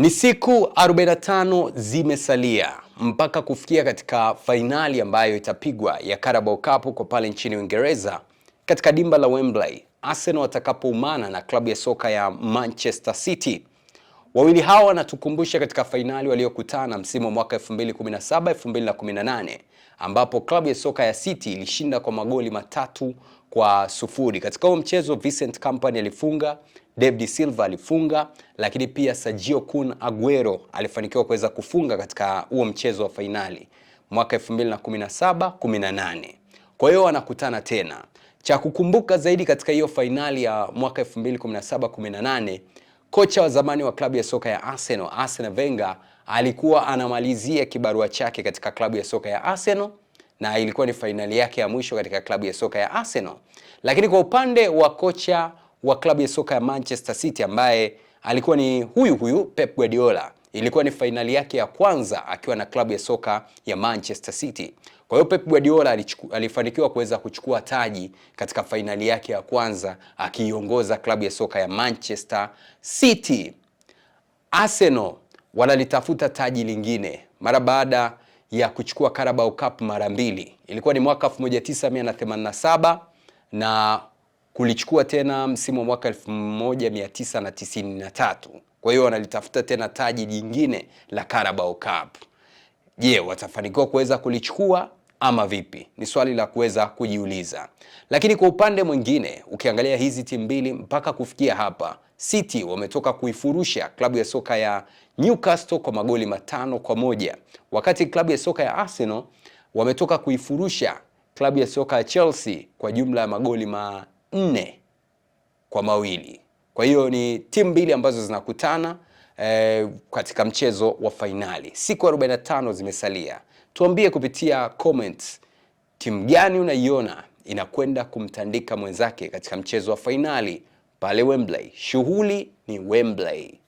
Ni siku 45 zimesalia mpaka kufikia katika fainali ambayo itapigwa ya Carabao Cup kwa pale nchini Uingereza katika dimba la Wembley, Arsenal watakapoumana na klabu ya soka ya Manchester City. Wawili hawa wanatukumbusha katika fainali waliokutana msimu wa mwaka 2017 2018, ambapo klabu ya soka ya City ilishinda kwa magoli matatu kwa sufuri. Katika huo mchezo Vincent Kompany alifunga, David Silva alifunga, lakini pia Sergio Kun Aguero alifanikiwa kuweza kufunga katika huo mchezo wa fainali mwaka 2017 18. Kwa hiyo wanakutana tena. Cha kukumbuka zaidi katika hiyo fainali ya mwaka 2017 18 Kocha wa zamani wa klabu ya soka ya Arsenal, Arsene Wenger alikuwa anamalizia kibarua chake katika klabu ya soka ya Arsenal na ilikuwa ni fainali yake ya mwisho katika klabu ya soka ya Arsenal. Lakini kwa upande wa kocha wa klabu ya soka ya Manchester City ambaye alikuwa ni huyu huyu Pep Guardiola Ilikuwa ni fainali yake ya kwanza akiwa na klabu ya soka ya Manchester City. Kwa hiyo Pep Guardiola alifanikiwa kuweza kuchukua taji katika fainali yake ya kwanza akiiongoza klabu ya soka ya Manchester City. Arsenal wanalitafuta taji lingine mara baada ya kuchukua Carabao Cup mara mbili. Ilikuwa ni mwaka 1987 na kulichukua tena msimu wa mwaka 1993. Kwa hiyo wanalitafuta tena taji jingine la Carabao Cup. Je, watafanikiwa kuweza kulichukua ama vipi? Ni swali la kuweza kujiuliza. Lakini kwa upande mwingine, ukiangalia hizi timu mbili mpaka kufikia hapa, City wametoka kuifurusha klabu ya soka ya Newcastle kwa magoli matano kwa moja, wakati klabu ya soka ya Arsenal wametoka kuifurusha klabu ya soka ya Chelsea kwa jumla ya magoli ma nne kwa mawili. Kwa hiyo ni timu mbili ambazo zinakutana eh, katika mchezo wa fainali. Siku 45 zimesalia. Tuambie kupitia comment, timu gani unaiona inakwenda kumtandika mwenzake katika mchezo wa fainali pale Wembley. Shughuli ni Wembley.